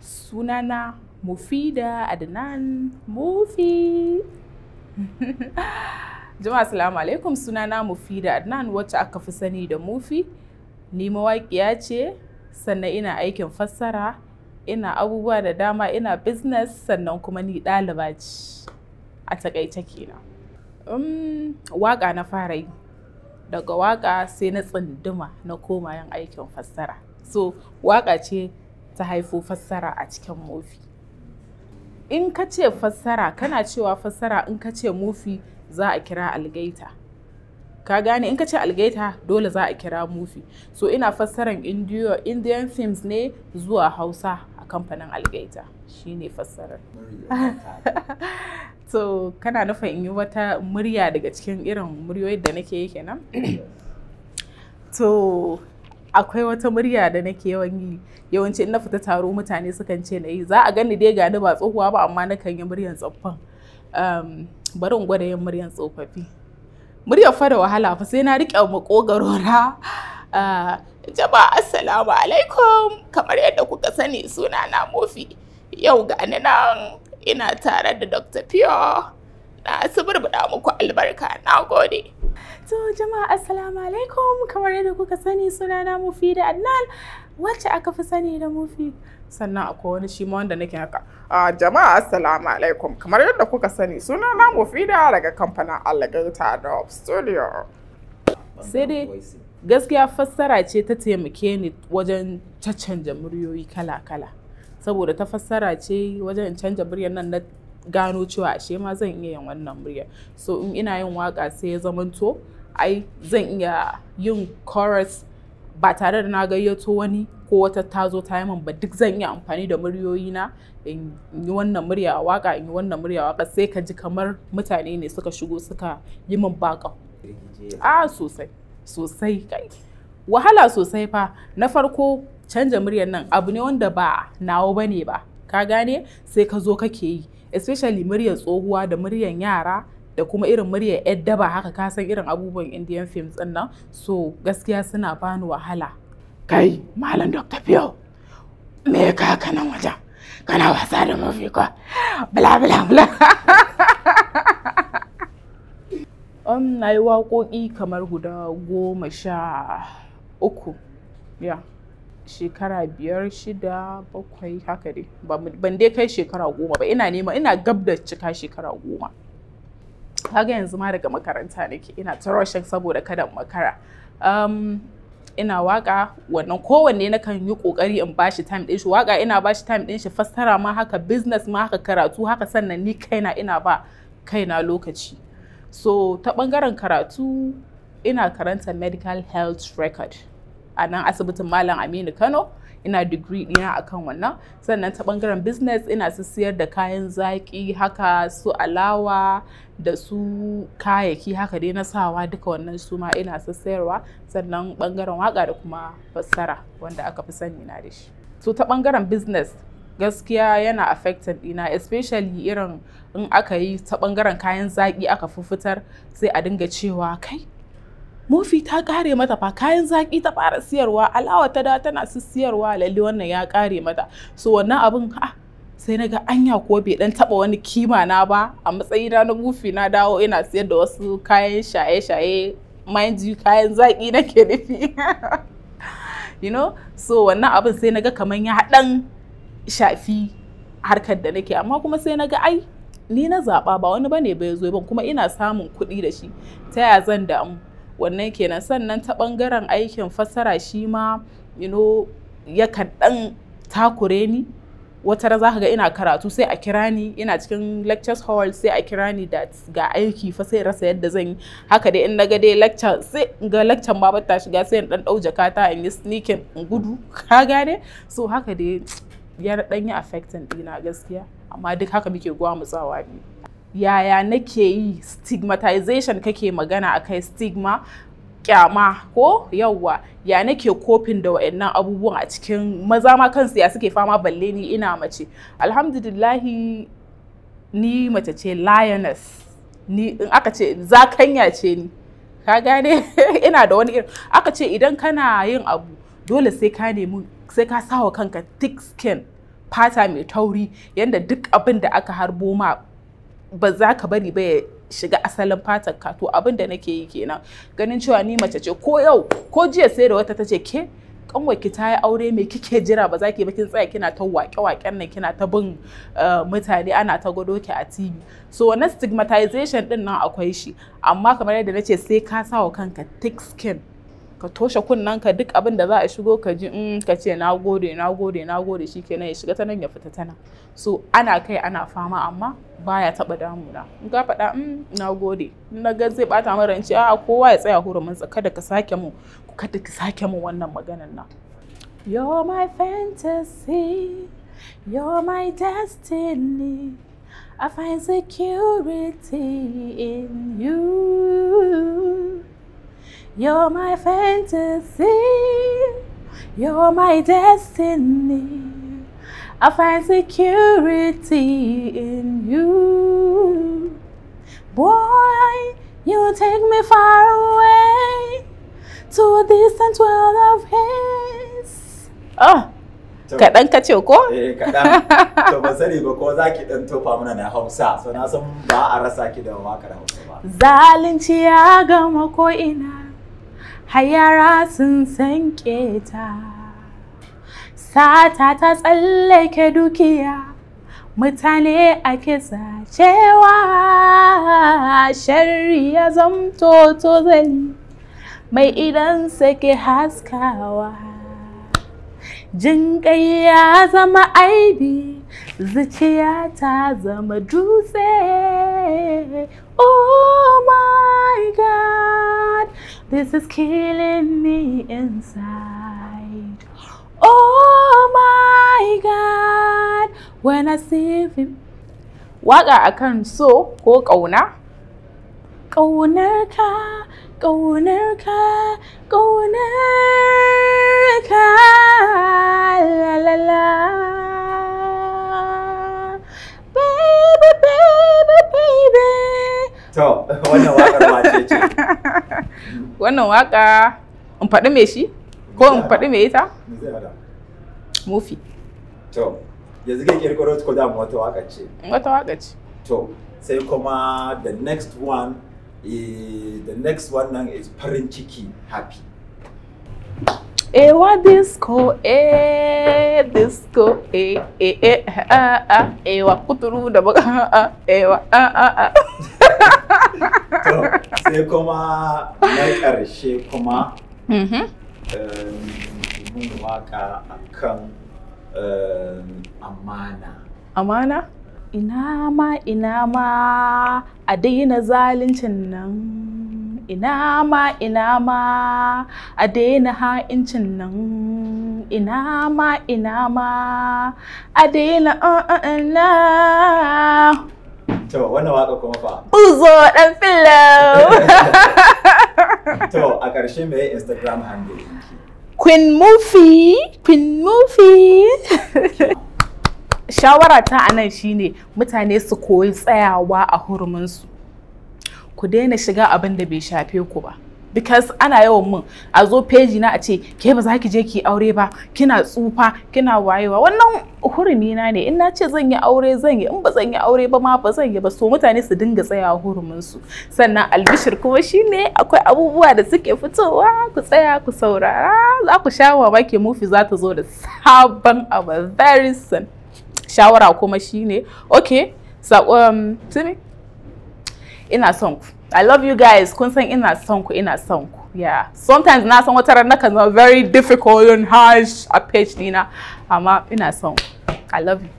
sunana mufida adnan mufi jama'a assalamu alaikum sunana mufida adnan wacce aka fi sani da mufi ni mawaƙiya ce sannan ina aikin fassara ina abubuwa da dama ina business sannan kuma ni ɗaliba ce a takaice kenan um, waƙa na fara yi daga waƙa sai na tsinduma na koma yin aikin fassara so waƙa ce ta haifo fassara a cikin mofi in ka ce fassara kana cewa fassara in ka ce mofi za a kira algaita ka gane in ka ce algaita dole za a kira mofi so ina fassaran indian films ne zuwa hausa a kamfanin algaita Shi ne fassarar so kana nufin in yi wata murya daga cikin irin muryoyin da nake kenan to akwai wata murya da nake yawan yi yawanci in na fita taro mutane sukan ce na yi za a gani dai gani ba tsohuwa ba amma na kan yi muryan tsoffin barin in gwada yin muryan tsofaffi muryar fa da wahala fa sai na riƙe makogaro na ah, jaba assalamu alaikum kamar yadda kuka sani suna na mofi yau ga nan ina tare da dr pio na suburbuɗa muku albarka na gode To jama'a assalamu alaikum kamar yadda kuka sani sunana Mufi da Adnan wacce aka fi sani da Mufi. Sannan akwai wani shi wanda nake haka. Uh, jama'a assalamu alaikum kamar yadda kuka sani sunana Mufi da daga kamfanin Alligator Studio. Sai dai gaskiya fassara ce ta taimake ni wajen caccanja muryoyi kala-kala. Saboda ta fassara ce wajen canja muryar nan na gano cewa ashe ma zan iya yin wannan murya so in ina yin waka sai ya zamanto ai zan iya yin chorus ba tare da na gayyato wani ko wata ta zo ta min ba duk zan iya amfani da muryoyina in yi wannan murya waka in yi wannan murya waka sai ka ji kamar mutane ne suka shigo suka yi min baka a sosai sosai kai wahala sosai fa na farko canja muryar nan abu ne wanda ba nawa bane ba ka gane sai ka zo kake yi especially muryar tsohuwa da muryar yara da kuma irin muryar yar daba haka ka san irin abubuwan indian films din nan so gaskiya suna bani wahala kai malam dr biyo me ka kanan wajen kana wasa da mafi mafika bla bla bla um, na yi waƙoƙi kamar guda goma sha uku ya yeah. shekara biyar shida bakwai haka dai ban dai kai shekara goma ba ina nema ina gab da cika shekara goma kaga yanzu ma daga makaranta nake ina ta saboda kada makara um, ina waka wannan kowanne na kan yi kokari in bashi time din shi waka ina bashi time din shi fassara ma haka business ma haka karatu haka sannan ni kaina ina ba kaina lokaci so ta bangaren karatu ina karanta medical health record a nan asibitin Malam Aminu Kano ina digiri dina akan wannan sannan ta bangaren business ina su da kayan zaki haka su alawa da su kayaki haka dai na sawa duka wannan su ma ina su sannan bangaren waka da kuma fassara wanda aka fi sani na da shi so ta bangaren business gaskiya yana affected dina especially irin in aka yi ta bangaren kayan zaki aka fi fitar sai a dinga cewa kai mofi ta kare mata fa kayan zaki ta fara siyarwa alawa ta da tana siyarwa lalle wannan ya kare mata so wannan abin ha sai na ga anya ko bai dan taba wani kima na ba a matsayina na mufi na dawo ina siyar da wasu kayan shaye-shaye mind you kayan zaki nake nufi you know so wannan abin sai na kaman ya hadan shafi harkar da nake amma kuma sai na ga ai ni na zaba ba wani bane bai zo ban kuma ina samun kuɗi da shi ta ya zan damu wannan kenan sannan ta bangaren aikin fassara shi ma you know, yakan ɗan takure ni wata za ka ga ina karatu sai a kira ni ina cikin lectures hall sai a kira ni da ga aiki fa sai rasa yadda zan yi haka dai in na ga dai lecture sai ga lecture ma bata shiga sai in dan dau jakata in yi sneaking in gudu ka gane so haka dai ya dan yi affecting dina gaskiya amma duk haka muke gwamutsawa ne yaya nake yi stigmatization kake magana a kai stigma kyama ko yawwa ya nake kofin da wa'annan abubuwan a cikin maza ma kansu ya suke fama balle ni ina mace alhamdulillahi ni mace ce lioness ni in aka ce zakanya ce ni ka gane ina da wani irin aka ce idan kana yin abu dole sai ka nemi sai ka sawa kanka thick skin fata mai tauri yadda duk abin da aka harbo ma ba za ka bari ba ya shiga asalin fatar ka to abin da nake yi kenan ganin cewa ni mace ce ko yau ko jiya sai da wata ta ce ke kanwarki ta yi aure me kike jira ba za ki ba kin tsaya kina ta wake waken nan kina ta bin eh, mutane ana ta gado ki a TV so wannan stigmatization din nan akwai shi amma kamar yadda nace sai ka sa kanka thick skin ka toshe kunnen ka duk abin da za a shigo ka ji in mm, ka ce na gode na gode na gode shi nan ya shiga ta nan ya fita tana so ana kai ana fama amma baya taba damuna in ka faɗa in mm, na gode na ga zai bata mara ranci a kowa ya tsaya hurumin sa kada ka sake mu kada ka sake mu wannan maganan nan you're my fantasy you're my destiny I find security in you You're my fantasy. You're my destiny. I find security in you. Boy, you take me far away to a distant world of his. Oh. kaɗan ka ce ko? Eh kaɗan. To ba sani ba ko za ki tofa mana na Hausa. So na san ba a rasa ki da waƙar Hausa ba. Zalunci ya gama ko ina. hayara sun san keta sata ta tsallake dukiya mutane ake cewa sharri ya zamto tozali mai idan sake haskawa jin ya zama aibi zuciya ta zama dutse oh my god this is killing me inside oh my god when i see him waka akan so ko kauna kaunar ka kaunar ka ka la la la To, wannan waƙar ce? Wannan waƙa in faɗi me shi? Ko in faɗi me ita? Mufi. To, yanzu kai kirkiro ko da wata waƙa ce? Wata waka ce. To, sai kuma the next one is, the next one nan is farin ciki happy. E wa disco, e disco, e e e a a e wa kuturu da baka a a e wa a a a. sai kuma na ƙarshe kuma waka a kan amana. Amana? Ina ma ina ma a daina zaluncin nan. Ina ma ina ma a daina ha'incin nan. Ina ma ina ma a daina uh, uh, uh, To wannan waka kuma fa. Uzo dan fillo. To a ƙarshe me Instagram handle Queen Mufi, Queen Mufi. Shawara ta a nan shine mutane su koyi tsayawa a huruminsu. Ku daina shiga abin da bai shafe ku ba. because ana yawan mun a zo peji na a ce ke ba za ki je ki aure ba kina tsufa kina wayewa wannan hurumi na ne in na ce zan yi aure zan yi in ba zan yi aure ba ma ba zan yi ba so mutane su dinga tsayawa hurumin su sannan albishir kuma shine akwai abubuwa da suke fitowa ku tsaya ku saurara za ku sha ke mufi za ta zo da sabon abu very soon shawara kuma shine okay so, um, ina son ku I love you guys. Kun san ina son ku ina son ku. Yeah. Sometimes na san wata ranar kan zama very difficult and harsh a page dina amma ina son ku. I love you.